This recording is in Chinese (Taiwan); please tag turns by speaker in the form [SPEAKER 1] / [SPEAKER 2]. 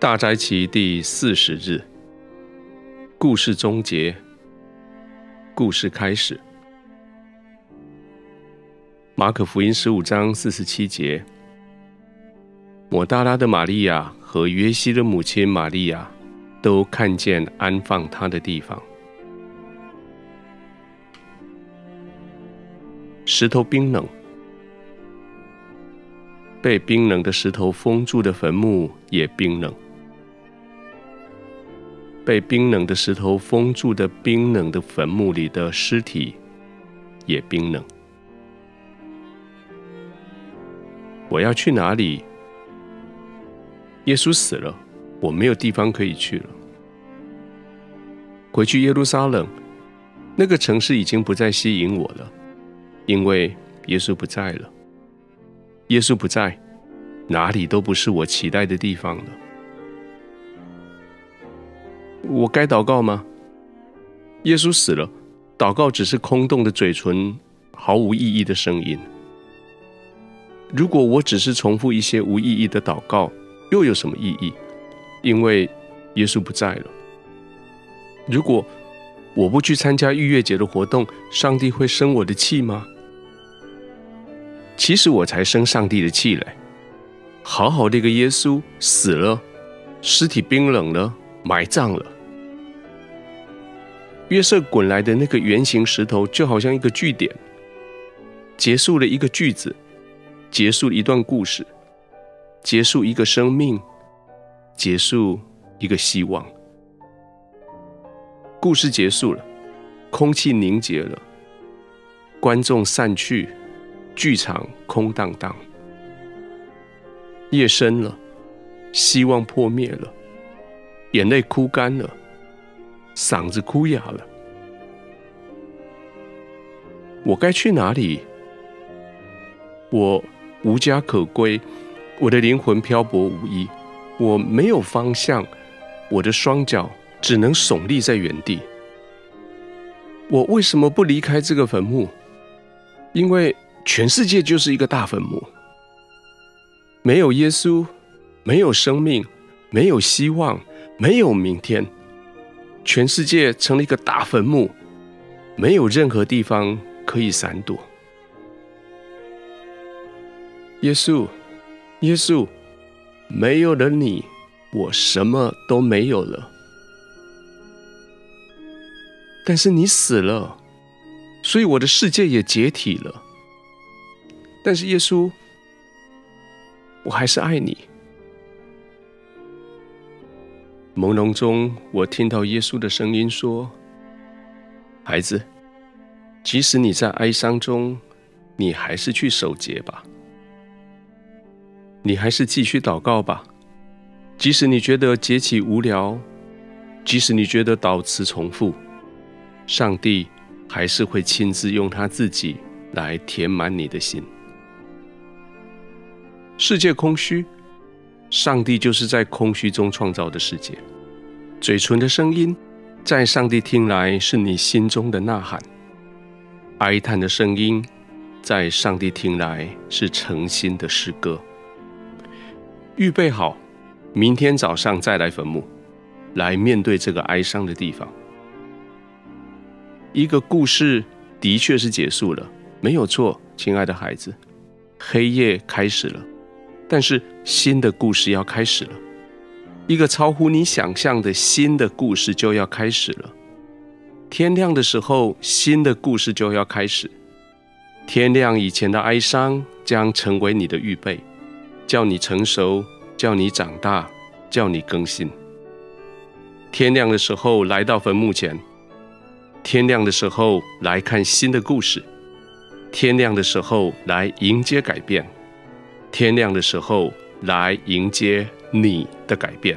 [SPEAKER 1] 大齋期第四十日，故事終結。故事開始。馬可福音十五章四十七節：抹大拉的馬利亞和約西的母親馬利亞都看見安放祂的地方，石頭冰冷，被冰冷的石頭封住的墳墓也冰冷。被冰冷的石頭封住的冰冷的墳墓裡的屍體也冰冷。我要去哪裡？耶穌死了，我沒有地方可以去了。回去耶路撒冷，那個城市已經不再吸引我了，因為耶穌不在了。耶穌不在，哪裡都不是我期待的地方了。我該禱告嗎？耶穌死了，禱告只是空洞的嘴唇，毫無意義的聲音。如果我只是重複一些無意義的禱告，又有什麼意義？因為耶穌不在了。如果我不去參加逾越節的活動，上帝會生我的氣嗎？其實我才生上帝的氣咧！好好的一個耶穌死了，屍體冰冷了。埋葬了。約瑟滾來的那個圓形石頭，就好像一個句點，結束了一個句子，結束了一段故事，結束一個生命，結束一個希望。故事結束了，空氣凝結了，觀眾散去，劇場空荡蕩。夜深了，希望破滅了。眼淚哭乾了，嗓子哭啞了。我該去哪裡？我無家可歸，我的靈魂漂泊無依，我沒有方向，我的雙腳只能聳立在原地。我為什麼不離開這個墳墓？因為全世界就是一個大墳墓，沒有耶穌，沒有生命，沒有希望。沒有明天，全世界成了一個大墳墓，沒有任何地方可以閃躲。耶穌，耶穌，沒有了你，我什麼都沒有了。但是你死了，所以我的世界也解體了。但是耶穌，我還是愛你。朦朧中，我聽到耶穌的聲音說：“孩子，即使你在哀傷中，你還是去守節吧；你還是繼續禱告吧。即使你覺得節期無聊，即使你覺得禱詞重複，上帝還是會親自用祂自己來填滿你的心。世界空虛。”上帝就是在空虛中創造的世界。嘴唇的聲音，在上帝聽來是你心中的吶喊；哀嘆的聲音，在上帝聽來是誠心的詩歌。預備好，明天早上再來墳墓，來面對這個哀傷的地方。一個故事的確是結束了，沒有錯，親愛的孩子，黑夜開始了。但是，新的故事要開始了，一個超乎你想象的新的故事就要開始了。天亮的時候，新的故事就要開始。天亮以前的哀傷，將成為你的預備，叫你成熟，叫你長大，叫你更新。天亮的時候，來到墳墓前，天亮的時候，來看新的故事，天亮的時候，來迎接改變。天亮的時候，來迎接你的改變。